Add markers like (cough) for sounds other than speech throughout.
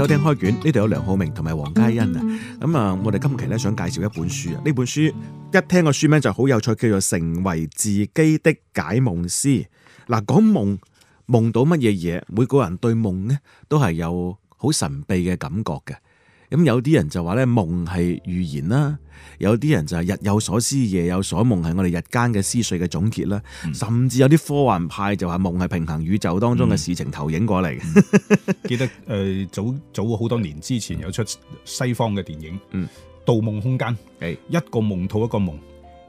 收聽開卷，呢度有梁浩明同埋黃嘉欣啊，咁啊，我哋今期咧想介紹一本書啊，呢本書一聽個書名就好有趣，叫做《成為自己的解夢師》。嗱，講夢，夢到乜嘢嘢？每個人對夢呢都係有好神秘嘅感覺嘅。咁有啲人就話咧夢係預言啦，有啲人就係日有所思夜有所夢，係我哋日間嘅思緒嘅總結啦、嗯，甚至有啲科幻派就話夢係平衡宇宙當中嘅事情投影過嚟。嗯嗯、 (laughs) 記得誒、呃、早早好多年之前有出西方嘅電影《嗯盜夢空間》嗯，誒一個夢套一個夢，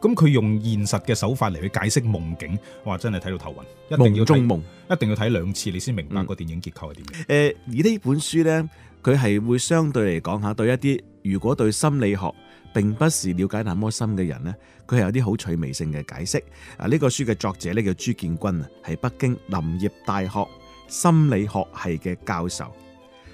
咁佢用現實嘅手法嚟去解釋夢境，哇真係睇到頭暈，一定要夢中夢，一定要睇兩次你先明白個電影結構係點樣。誒、嗯呃、而呢本書咧。佢係會相對嚟講下對一啲如果對心理學並不是了解那麼深嘅人呢，佢係有啲好趣味性嘅解釋。啊，呢個書嘅作者呢，叫朱建軍啊，係北京林業大學心理學系嘅教授。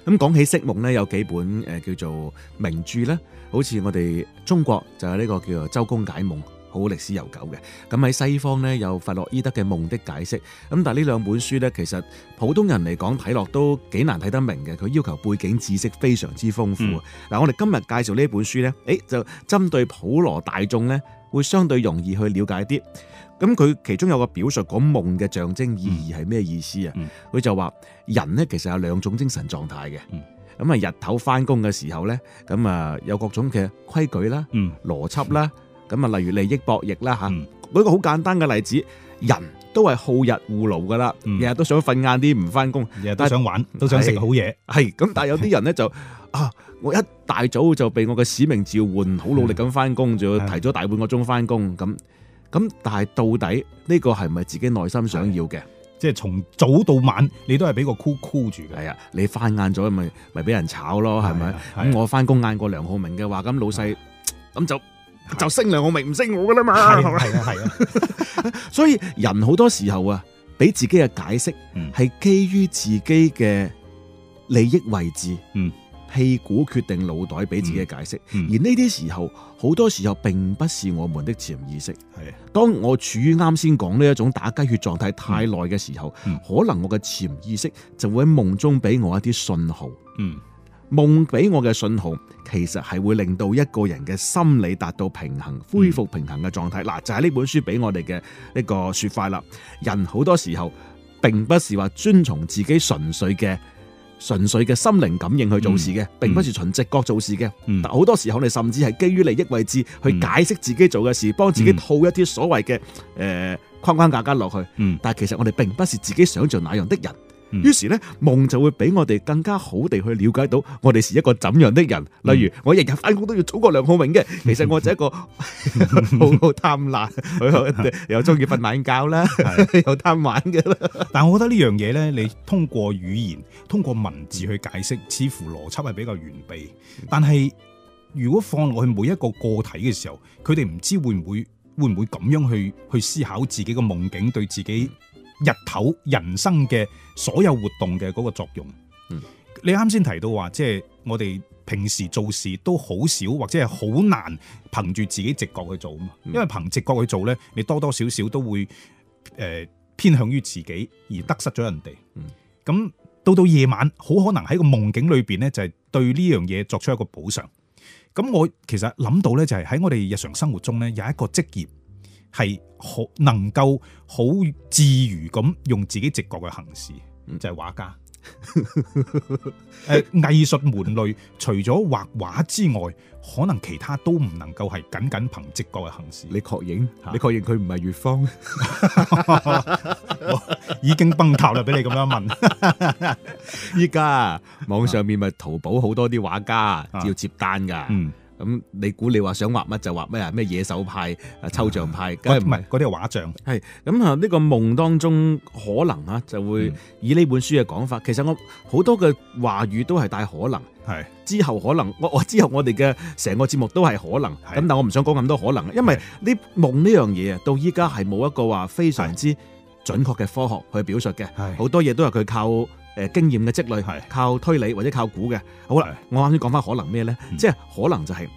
咁講起釋夢呢，有幾本誒叫做名著呢，好似我哋中國就係呢個叫做《周公解夢》。好歷史悠久嘅，咁喺西方咧有弗洛伊德嘅夢的解釋，咁但係呢兩本書咧，其實普通人嚟講睇落都幾難睇得明嘅，佢要求背景知識非常之豐富。嗱、嗯啊，我哋今日介紹呢本書咧，誒就針對普羅大眾咧，會相對容易去了解啲。咁佢其中有一個表述，講、嗰個、夢嘅象徵意義係咩意思啊？佢、嗯、就話人咧其實有兩種精神狀態嘅，咁、嗯、啊、嗯、日頭返工嘅時候咧，咁啊有各種嘅規矩啦、嗯、邏輯啦。嗯咁啊，例如利益博弈啦，吓、嗯、舉個好簡單嘅例子，人都係好逸惡勞噶啦，日、嗯、日都想瞓晏啲唔翻工，日日都想玩，都想食好嘢，係咁。但係有啲人咧就 (laughs) 啊，我一大早就被我嘅使命召喚，好努力咁翻工，仲、嗯、要提早大半個鐘翻工，咁、嗯、咁。但係到底呢、這個係唔係自己內心想要嘅？即係從早到晚，你都係俾個箍箍住嘅。係啊，你翻晏咗咪咪俾人炒咯，係咪、啊？咁、啊、我翻工晏過梁浩明嘅話，咁老細咁、啊、就。啊、就升糧，我明唔升我噶啦嘛。係啊係啊。是啊是啊是啊 (laughs) 所以人好多時候啊，俾自己嘅解釋係基於自己嘅利益位置、嗯，屁股決定腦袋，俾自己嘅解釋、嗯嗯。而呢啲時候，好多時候並不是我們的潛意識。係、啊，當我處於啱先講呢一種打雞血狀態太耐嘅時候、嗯嗯，可能我嘅潛意識就會喺夢中俾我一啲信號。嗯夢俾我嘅信號，其實係會令到一個人嘅心理達到平衡、恢復平衡嘅狀態。嗱、嗯啊，就喺、是、呢本書俾我哋嘅呢個說法啦。人好多時候，並不是話遵從自己純粹嘅、純粹嘅心靈感應去做事嘅、嗯嗯，並不是純直覺做事嘅、嗯。但好多時候，我哋甚至係基於利益位置去解釋自己做嘅事，幫、嗯、自己套一啲所謂嘅誒框框架架落去、嗯。但其實我哋並不是自己想象那樣的人。於是咧，夢就會俾我哋更加好地去了解到，我哋是一個怎樣的人。例如，我日日翻工，都要早過梁浩明嘅，其實我就一個好貪懶， (laughs) (laughs) 貪懶 (laughs) (laughs) 又中意瞓懶覺啦， (laughs) (laughs) 又貪玩嘅啦。但係我覺得呢樣嘢咧，你通過語言、通過文字去解釋，似乎邏輯係比較完備。但係如果放落去每一個個體嘅時候，佢哋唔知會唔會會唔會咁樣去去思考自己嘅夢境，對自己，日頭人生嘅所有活動嘅嗰個作用，嗯，你啱先提到話，即係我哋平時做事都好少或者係好難憑住自己直覺去做啊嘛，因為憑直覺去做咧，你多多少少都會誒、呃、偏向於自己而得失咗人哋，咁到到夜晚，好可能喺個夢境裏邊咧，就係對呢樣嘢作出一個補償。咁我其實諗到咧，就係喺我哋日常生活中咧，有一個職業。係好能夠好自如咁用自己直覺嘅行事，就係、是、畫家。誒，藝術門類除咗畫畫之外，可能其他都唔能夠係僅僅憑直覺嘅行事。你確認？你確認佢唔係乙方？ (laughs) (laughs) 已經崩頭啦！俾你咁樣問。依 (laughs) 家網上面咪淘寶好多啲畫家要接單㗎。 (laughs) 嗯咁你估你話想畫乜就畫咩啊？咩野獸派啊、抽象派？梗係唔係嗰啲畫像。係咁啊！呢個夢當中可能啊，就會以呢本書嘅講法，嗯，其實我好多嘅話語都係帶可能。係之後可能我我之後我哋嘅成個節目都係可能。咁，但係我唔想講咁多可能，因為呢夢呢樣嘢啊，到依家係冇一個話非常之準確嘅科學去表述嘅。好多嘢都係佢靠。誒經驗嘅積累係靠推理或者靠估嘅，好啦，我啱先講返可能咩咧？即、嗯、係、就係、可能就係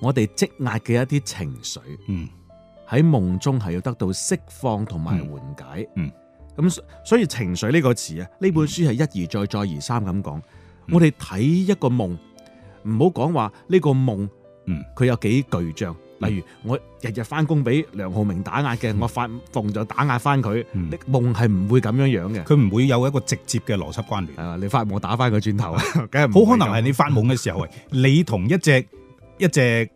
我哋積壓嘅一啲情緒，喺、嗯、夢中係要得到釋放同埋緩解。咁、嗯嗯、所以情緒呢個詞啊，呢本書係一而再、再而三咁講。我哋睇一個夢，唔好講話呢個夢，佢有幾具象。例如我日日翻工俾梁浩明打壓嘅、嗯，我發夢就打壓翻佢。夢係唔會咁樣樣嘅，佢唔會有一個直接嘅邏輯關聯。你發我打翻佢轉頭，好 (laughs) 可能係你發夢嘅時候，你同一隻一隻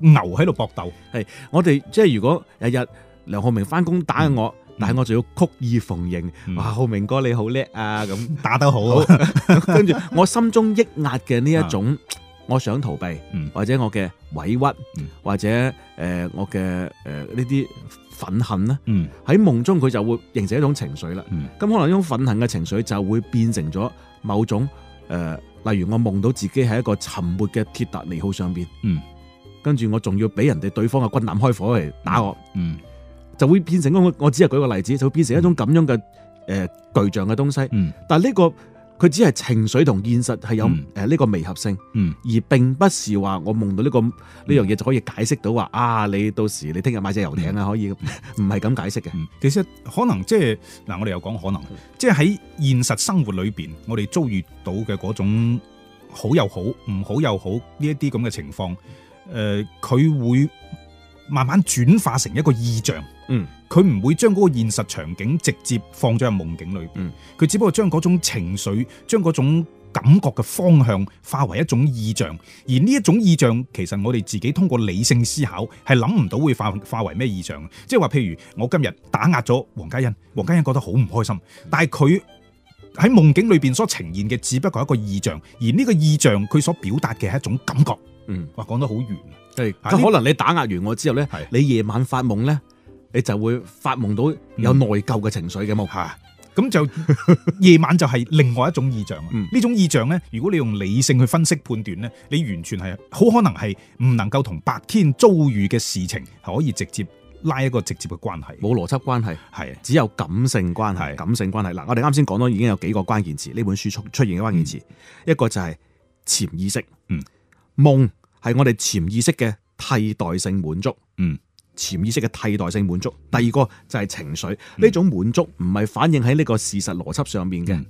牛喺度搏鬥。係我哋即係如果日日梁浩明翻工打壓我，嗯、但係我仲要曲意逢迎、嗯。哇，浩明哥你好叻啊，咁 (laughs) 打得好。跟住 (laughs) (laughs) 我心中抑壓嘅呢一種。嗯我想逃避，或者我嘅委屈，嗯、或者誒、呃、我嘅誒呢啲憤恨咧，喺、嗯、夢中佢就會形成一種情緒啦。咁、嗯、可能呢種憤恨嘅情緒就會變成咗某種誒、呃，例如我夢到自己喺一個沉沒嘅鐵達尼號上邊，跟、嗯、住我仲要俾人哋對方嘅軍艦開火嚟打我、嗯，就會變成我我只係舉個例子，就會變成一種咁樣嘅誒、嗯呃、巨像嘅東西。嗯、但係、這、呢個。佢只係情緒同現實係有誒呢個微合性，嗯嗯、而並不是話我夢到呢、這個呢樣嘢就可以解釋到話啊你到時你聽日買隻遊艇啊？可以，唔係咁解釋嘅。其、嗯、實可能即係嗱，我哋又講可能，即係喺現實生活裏邊，我哋遭遇到嘅嗰種好又好，唔好又好呢一啲咁嘅情況，誒、呃，佢會慢慢轉化成一個意象。嗯。佢唔會將嗰個現實場景直接放咗喺夢境裏邊，佢只不過將嗰種情緒、將嗰種感覺嘅方向化為一種意象，而呢一種意象，其實我哋自己通過理性思考係諗唔到會化化為咩意象。即係話，譬如我今日打壓咗黃嘉欣，黃嘉欣覺得好唔開心，但係佢喺夢境裏邊所呈現嘅只不過係一個意象，而呢個意象佢所表達嘅係一種感覺。嗯，哇，講得好圓，即可能你打壓完我之後呢，你夜晚發夢呢。你就會發夢到有內疚嘅情緒嘅冇怕，咁、嗯啊、就夜 (laughs) 晚就係另外一種意象啊！呢、嗯、種意象咧，如果你用理性去分析判斷咧，你完全係好可能係唔能夠同白天遭遇嘅事情係可以直接拉一個直接嘅關係，冇邏輯關係，係只有感性關係。感性關係嗱，我哋啱先講到已經有幾個關鍵詞，呢本書出出現嘅關鍵詞，嗯、一個就係潛意識，嗯、夢係我哋潛意識嘅替代性滿足。嗯潛意識嘅替代性滿足，第二個就係情緒呢、嗯、種滿足唔係反映喺呢個事實邏輯上面嘅、嗯，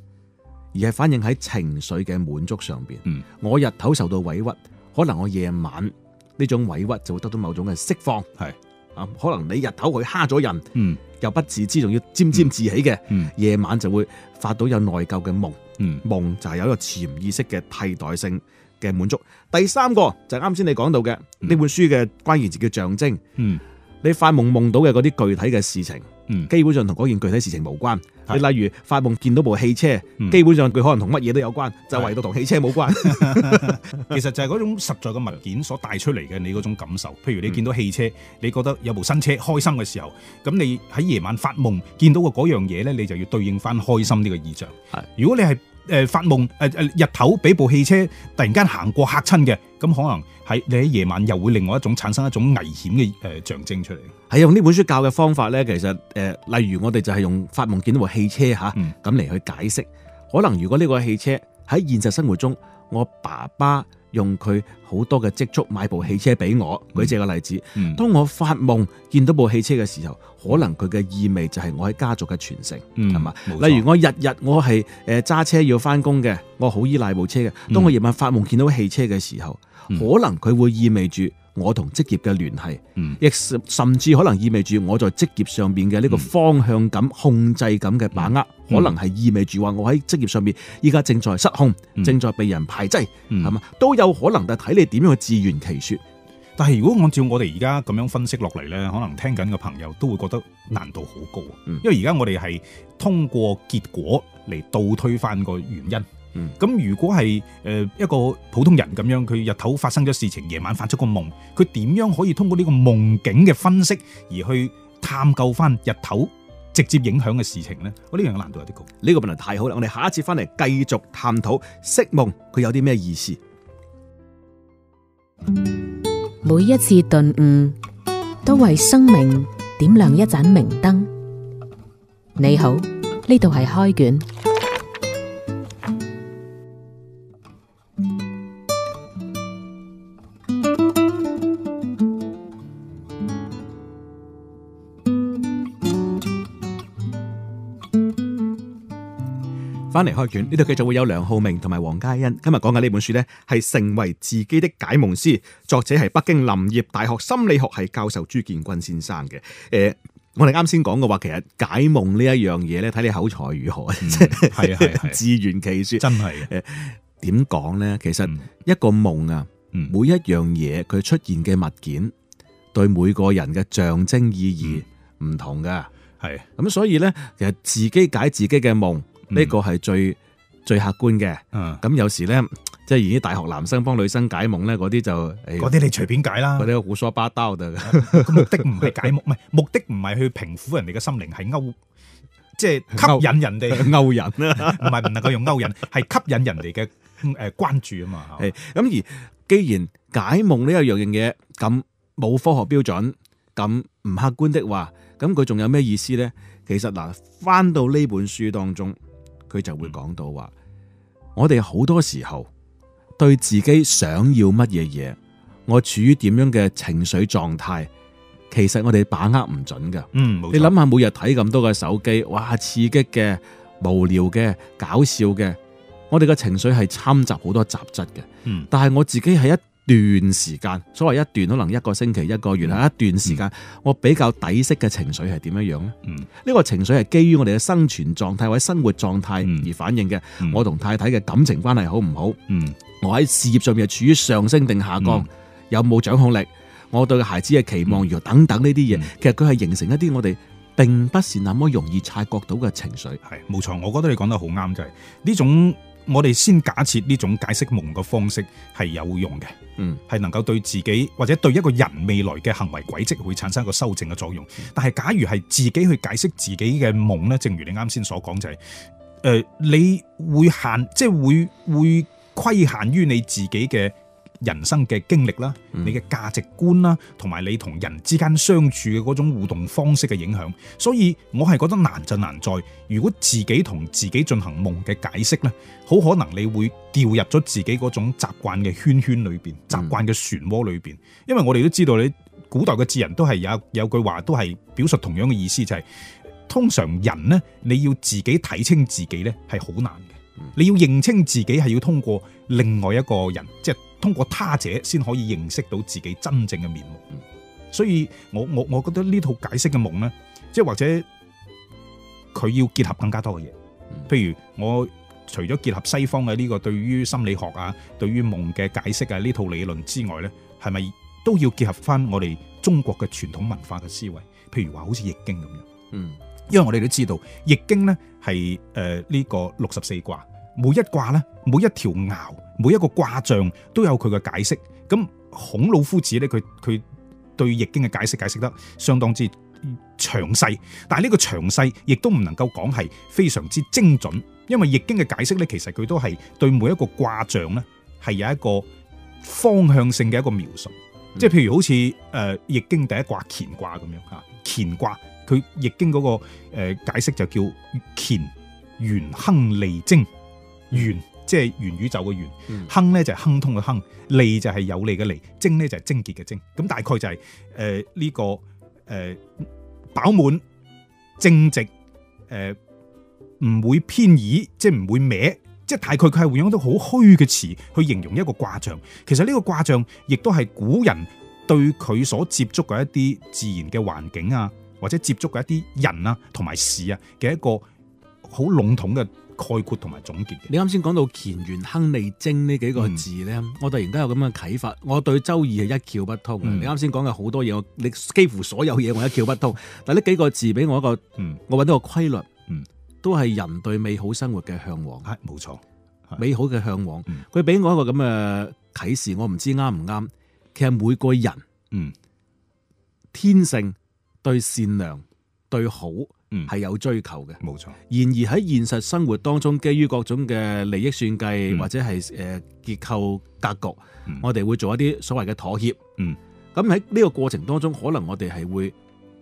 而係反映喺情緒嘅滿足上邊。嗯，我日頭受到委屈，可能我夜晚呢種委屈就會得到某種嘅釋放。係啊，可能你日頭去蝦咗人，嗯，又不自知，仲要沾沾自喜嘅、嗯嗯，夜晚就會發到有內疚嘅夢。嗯，夢就係有一個潛意識嘅替代性嘅滿足、嗯。第三個就係啱先你講到嘅呢、嗯、本書嘅關鍵字叫象徵。嗯。你發夢夢到嘅嗰啲具體嘅事情，嗯，基本上同嗰件具體事情無關。你例如發夢見到部汽車，嗯、基本上佢可能同乜嘢都有關，是就係唯獨同汽車冇關。 (laughs) 其實就係嗰種實在嘅物件所帶出嚟嘅你嗰種感受。譬如你見到汽車、嗯，你覺得有部新車開心嘅時候，咁你喺夜晚發夢見到嘅嗰樣嘢咧，你就要對應翻開心呢個意象。是，如果你係。誒、呃、發夢誒誒、呃、日頭俾部汽車突然間行過嚇親嘅，咁可能係你喺夜晚又會另外一種產生一種危險嘅誒象徵出嚟。係用呢本書教嘅方法咧，其實誒、呃，例如我哋就係用發夢見到部汽車吓咁嚟去解釋。可能如果呢個汽車喺現實生活中，我爸爸。用佢好多嘅積蓄買部汽車俾我，舉呢個例子。當我發夢見到部汽車嘅時候，可能佢嘅意味就係我喺家族嘅傳承，係、嗯、嘛？例如我日日我係誒揸車要返工嘅，我好依賴部車嘅。當我夜晚發夢見到汽車嘅時候，可能佢會意味住。我同職業嘅聯繫，亦、嗯、甚至可能意味住我在職業上邊嘅呢個方向感、嗯、控制感嘅把握，嗯、可能係意味住話我喺職業上面依家正在失控、嗯、正在被人排擠，係、嗯、嘛？都有可能，但係睇你點樣去自圓其説。但係如果按照我哋而家咁樣分析落嚟咧，可能聽緊嘅朋友都會覺得難度好高、嗯，因為而家我哋係通過結果嚟倒推返個原因。咁、嗯、如果係誒一個普通人咁樣，佢日頭發生咗事情，夜晚發出個夢，佢點樣可以通過呢個夢境嘅分析而去探究翻日頭直接影響嘅事情呢？我呢樣難度有啲高，呢個問題太好啦！我哋下一次翻嚟繼續探討釋夢，佢有啲咩意思？每一次頓悟都為生命點亮一盞明燈。你好，呢度係開卷。翻嚟開卷呢度繼續會有梁浩明同埋黃嘉欣。今日講嘅呢本書呢，係成為自己的解夢師。作者係北京林業大學心理學系教授朱建軍先生嘅。誒、呃，我哋啱先講嘅話，其實解夢呢一樣嘢呢，睇你口才如何，即、嗯、係 (laughs) 自圓其說，真係。點、呃、講呢？其實一個夢啊、嗯，每一樣嘢佢出現嘅物件，對每個人嘅象徵意義唔同嘅。係咁，所以呢，其實自己解自己嘅夢。呢、這個係最、嗯、最客觀嘅，咁、嗯、有時咧，即係而啲大學男生幫女生解夢咧，嗰啲就，嗰啲你隨便解啦，嗰啲胡說八道嘅， (laughs) 目的唔係解夢，唔係目的唔係去平撫人哋嘅心靈，係勾，即、就、係、是、吸引人哋勾，勾人啦，唔係唔能夠用勾人，係 (laughs) 吸引人哋嘅誒關注啊嘛，咁而既然解夢呢一樣嘢咁冇科學標準，咁唔客觀的話，咁佢仲有咩意思咧？其實嗱，翻、呃、到呢本書當中。佢就會講到話，我哋好多時候對自己想要乜嘢嘢，我處於點樣嘅情緒狀態，其實我哋把握唔準㗎。嗯，你諗下每日睇咁多嘅手機，哇，刺激嘅、無聊嘅、搞笑嘅，我哋嘅情緒係摻雜好多雜質嘅。嗯，但係我自己係一。段時間，所謂一段可能一個星期、一個月，係、嗯、一段時間。嗯、我比較底色嘅情緒係點樣樣咧？嗯，呢個情緒係基於我哋嘅生存狀態或者生活狀態而反映嘅。嗯、我同太太嘅感情關係好唔好？嗯，我喺事業上面係處於上升定下降，嗯、有冇掌控力？我對孩子嘅期望如何？等等呢啲嘢，其實佢係形成一啲我哋並不是那麼容易察覺到嘅情緒。係冇錯，我覺得你講得好啱，就係、是、呢種。我哋先假設呢種解釋夢嘅方式係有用嘅，嗯，係能夠對自己或者對一個人未來嘅行為軌跡會產生一個修正嘅作用。但係假如係自己去解釋自己嘅夢咧，正如你啱先所講，就係，就係誒，你會限即係會會規限於你自己嘅人生嘅經歷啦，你嘅價值觀啦，同埋你同人之間相處嘅嗰種互動方式嘅影響，所以我係覺得難就難在，如果自己同自己進行夢嘅解釋呢，好可能你會掉入咗自己嗰種習慣嘅圈圈裏邊，習慣嘅漩渦裏邊。嗯、因為我哋都知道，你古代嘅哲人都係有有句話，都係表述同樣嘅意思，就係、是、通常人呢，你要自己睇清自己呢係好難嘅。你要認清自己，係要通過另外一個人，即係。通過他者先可以認識到自己真正嘅面目，所以我我我覺得呢套解釋嘅夢呢，即係或者佢要結合更加多嘅嘢，譬如我除咗結合西方嘅呢個對於心理學啊，對於夢嘅解釋啊呢套理論之外呢，係咪都要結合翻我哋中國嘅傳統文化嘅思維？譬如話好似易經咁樣，嗯，因為我哋都知道易經呢係誒呢個六十四卦。每一卦咧，每一條爻，每一個卦象都有佢嘅解釋。咁孔老夫子咧，佢佢對《易經》嘅解釋解釋得相當之詳細。但係呢個詳細亦都唔能夠講係非常之精準，因為《易經》嘅解釋咧，其實佢都係對每一個卦象咧係有一個方向性嘅一個描述。即係譬如好似誒、呃《易經》第一卦乾卦咁樣吓，乾卦佢乾卦《易經》、那個、嗰個呃解釋就叫乾元亨利貞。元即係元宇宙嘅元，嗯、亨咧就係亨通嘅亨，利就係有利嘅利，貞咧就係貞潔嘅貞。咁大概就係誒呢個誒飽滿正直誒唔、呃、會偏倚，即係唔會歪。即係大概佢係用咗好虛嘅詞去形容一個卦象。其實呢個卦象亦都係古人對佢所接觸嘅一啲自然嘅環境啊，或者接觸嘅一啲人啊，同埋事啊嘅一個好籠統嘅。概括同埋總結嘅，你啱先講到“乾元亨利貞”呢幾個字咧、嗯，我突然間有咁嘅啟發。我對周易係一竅不通嘅、嗯、你啱先講嘅好多嘢，我你幾乎所有嘢我一竅不通。 (laughs) 但係呢幾個字俾我一個，我搵到個規律，嗯嗯、都係人對美好生活嘅向往。係冇錯，美好嘅向往。佢、嗯、俾我一個咁嘅啟示，我唔知啱唔啱。其實每個人，嗯，天性對善良，對好。係有追求嘅，冇錯。然而喺現實生活當中，基於各種嘅利益算計、嗯、或者係誒結構格局、嗯，我哋會做一啲所謂嘅妥協。咁喺呢個過程當中，可能我哋係會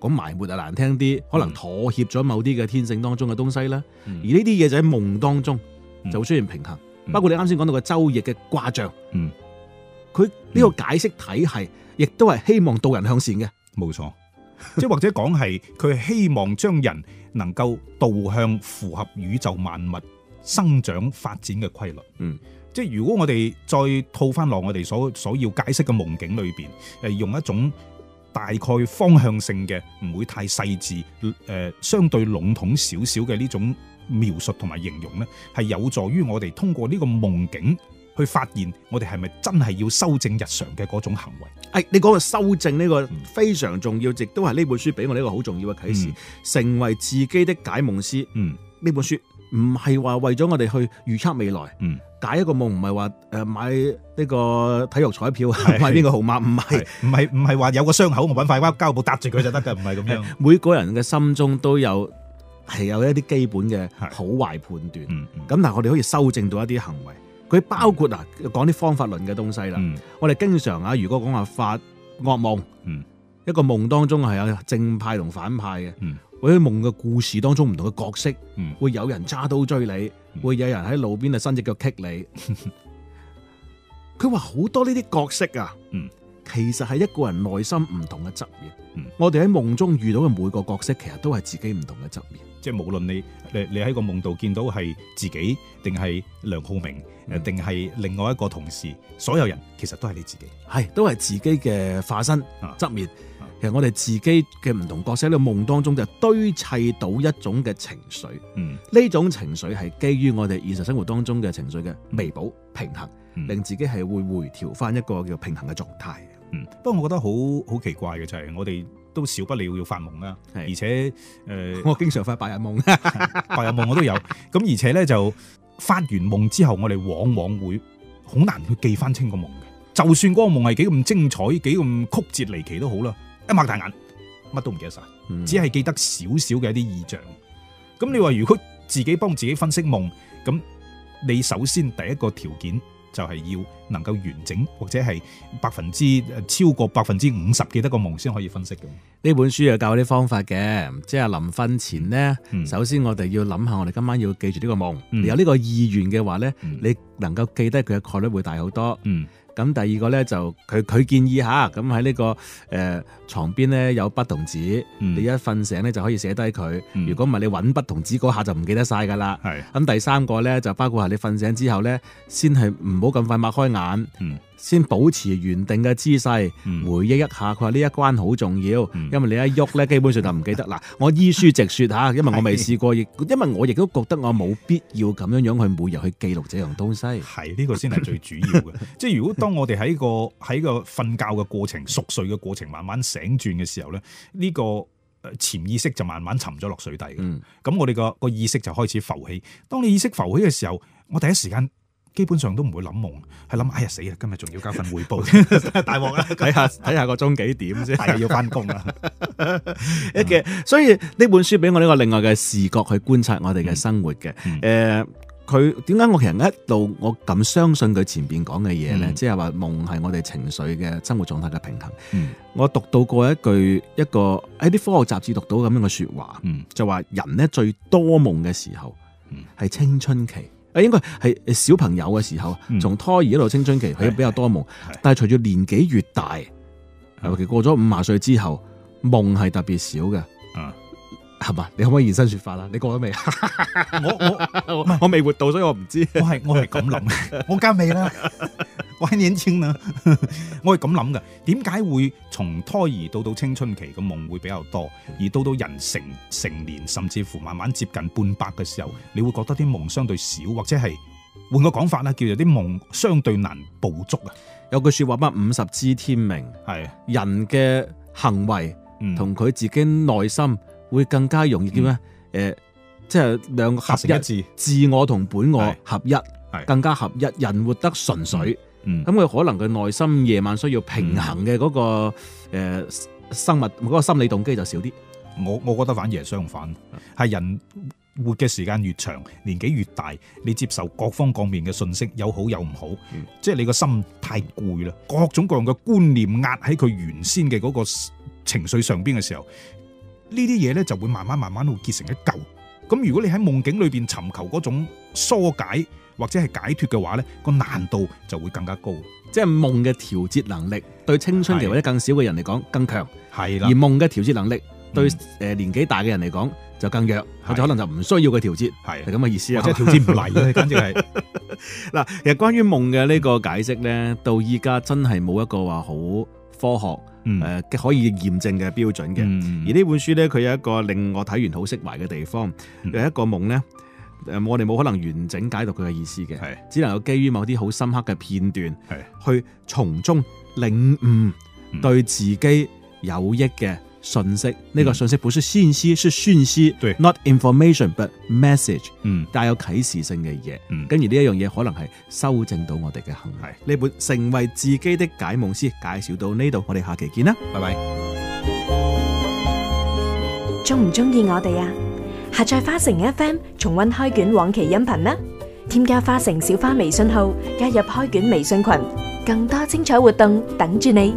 講埋沒啊，難聽啲、嗯，可能妥協咗某啲嘅天性當中嘅東西啦、嗯。而呢啲嘢就喺夢當中就會出現平衡。嗯、包括你啱先講到嘅周易嘅卦象，佢、嗯、呢個解釋體系、嗯、亦都係希望導人向善嘅，冇錯。即或者講係佢希望將人能夠導向符合宇宙萬物生長發展嘅規律。嗯，即如果我哋再套翻落我哋所所要解釋嘅夢境裏邊，誒，用一種大概方向性嘅，唔會太細緻，誒、呃，相對籠統少少嘅呢種描述同埋形容呢，係有助於我哋通過呢個夢境。去發現我哋係咪真係要修正日常嘅嗰種行為？誒，你講個修正呢個非常重要，亦都係呢本書俾我呢個好重要嘅啟示，嗯，成為自己的解夢師。嗯，呢本書唔係話為咗我哋去預測未來，嗯，解一個夢唔係話誒買呢個體育彩票啊，買邊個號碼？唔係，唔係，唔係話有個傷口快，我揾塊膠布搭住佢就得嘅，唔係咁樣。每個人嘅心中都有係有一啲基本嘅好壞判斷，咁、嗯嗯，但係我哋可以修正到一啲行為。佢包括啊，講啲方法論嘅東西啦、嗯。我哋經常啊，如果講話發惡夢，一個夢當中係有正派同反派嘅、嗯，或者夢嘅故事當中唔同嘅角色、嗯，會有人揸刀追你，嗯、會有人喺路邊啊伸隻腳棘你。佢話好多呢啲角色啊。嗯其實係一個人內心唔同嘅側面。嗯，我哋喺夢中遇到嘅每個角色，其實都係自己唔同嘅側面。即係無論你，你你喺個夢度見到係自己，定係梁浩明，定、嗯、係另外一個同事，所有人其實都係你自己。係，都係自己嘅化身、啊、側面。其實我哋自己嘅唔同嘅角色喺個夢當中就堆砌到一種嘅情緒。呢、嗯、種情緒係基於我哋現實生活當中嘅情緒嘅彌補平衡、嗯，令自己係會回調翻一個叫平衡嘅狀態。嗯、不過我覺得好好奇怪嘅就係、是，我哋都少不了要發夢啦，而且誒、呃，我經常發白日夢，白日夢我都有。咁 (laughs) 而且咧就發完夢之後，我哋往往會好難去記翻清個夢嘅，就算嗰個夢係幾咁精彩、幾咁曲折離奇都好啦，一擘大眼，乜都唔記得晒，只係記得少少嘅一啲意象。咁、嗯、你話如果自己幫自己分析夢，咁你首先第一個條件就係要能夠完整或者係百分之超過百分之五十記得個夢先可以分析嘅。呢本書又教我啲方法嘅，即係臨瞓前呢、嗯。首先我哋要諗下我哋今晚要記住呢個夢。嗯、有呢個意願嘅話呢、嗯，你能夠記得佢嘅概率會大好多。咁、嗯、第二個呢，就佢佢建議吓，咁喺呢個誒牀、呃、邊呢，有筆同紙、嗯，你一瞓醒呢就可以寫低佢。如果唔係你揾筆同紙嗰下就唔記得晒㗎啦。咁第三個呢，就包括係你瞓醒之後呢，先係唔好咁快擘開眼。眼、嗯、先保持原定嘅姿勢、嗯，回憶一下。佢話呢一關好重要、嗯，因為你一喐咧，基本上就唔記得。嗱， (laughs) 我依書直說吓，因為我未試過，亦因為我亦都覺得我冇必要咁樣樣去每日去記錄這樣東西。係呢、呢個先係最主要嘅。 (laughs) 即係如果當我哋喺個喺個瞓覺嘅過程、 (laughs) 熟睡嘅過程，慢慢醒轉嘅時候咧，呢、呢個潛意識就慢慢沉咗落水底嘅。咁、嗯、我哋個個意識就開始浮起。當你意識浮起嘅時候，我第一時間。基本上都唔會諗夢，係諗，哎呀死喇！今日仲要交份匯報， (laughs) 大鑊啦題！睇下睇下個鐘幾點先， (laughs) 係，要翻工啦。 (laughs) okay. (laughs) okay. 所以呢本書俾我呢個另外嘅視覺去觀察我哋嘅生活嘅。誒、嗯，佢點解我其實一度我咁相信佢前邊講嘅嘢咧？即係話夢係我哋情緒嘅生活狀態嘅平衡、嗯。我讀到過一句一個喺啲科學雜誌讀到咁樣嘅說話，嗯、就話人咧最多夢嘅時候係、嗯、青春期。誒，應該係小朋友嘅時候，從、嗯、胎兒一路青春期，佢比較多夢。但係隨住年紀越大，尤其過咗五十歲之後，夢係特別少嘅。係、嗯、嘛？你可唔可以現身說法啊？你過咗未？我我 (laughs) 我未活到，所以我唔知道。我係我係咁諗，我交尾啦。 (laughs) 我未 (laughs) (laughs) 我係咁諗嘅，點解會從胎兒到到青春期嘅夢會比較多，而到到人成成年，甚至乎慢慢接近半百嘅時候，你會覺得啲夢相對少，或者係換個講法呢叫做啲夢相對難捕捉啊。有句説話乜？五十知天命，係人嘅行為同佢自己內心會更加容易叫咩？誒、嗯，即係、呃就是、兩個合一，成一致，自我同本我合一，更加合一，人活得純粹。嗯，咁佢可能佢內心夜晚需要平衡嘅嗰、嗰個誒、嗯呃、生物、嗰個心理動機就少啲。我我覺得反而係相反，係、嗯、人活嘅時間越長，年紀越大，你接受各方各面嘅信息，有好有唔好，即、嗯、係、即係、你個心太攰啦，各種各樣嘅觀念壓喺佢原先嘅嗰個情緒上邊嘅時候，呢啲嘢咧就會慢慢慢慢會結成一嚿。咁如果你喺夢境裏邊尋求嗰種疏解或者係解脱嘅話咧，呢個難度就會更加高，即係夢嘅調節能力對青春期或者更少嘅人嚟講更強，係啦。而夢嘅調節能力對誒年紀大嘅人嚟講就更弱，佢可能就唔需要佢調節，係係咁嘅意思啊，即係調節唔嚟， (laughs) 簡直係。嗱，其實關於夢嘅呢個解釋咧，到依家真係冇一個話好。科學誒、嗯呃、可以驗證嘅標準嘅、嗯，而呢本書咧，佢有一個令我睇完好釋懷嘅地方、嗯。有一個夢咧，誒我哋冇可能完整解讀佢嘅意思嘅，係只能有基於某啲好深刻嘅片段，係去從中領悟、嗯、對自己有益嘅。信息呢，這個信息不是信息，是訊息。對，not information but message，嗯，帶有啟示性嘅嘢。嗯，跟住呢一樣嘢可能係修正到我哋嘅行為。呢本《成為自己的解夢師》介紹到呢度，我哋下期見啦，拜拜。中唔中意我哋啊？下載花城 FM 重溫開卷往期音頻啦！添加花城小花微信號，加入開卷微信群，更多精彩活動等住你。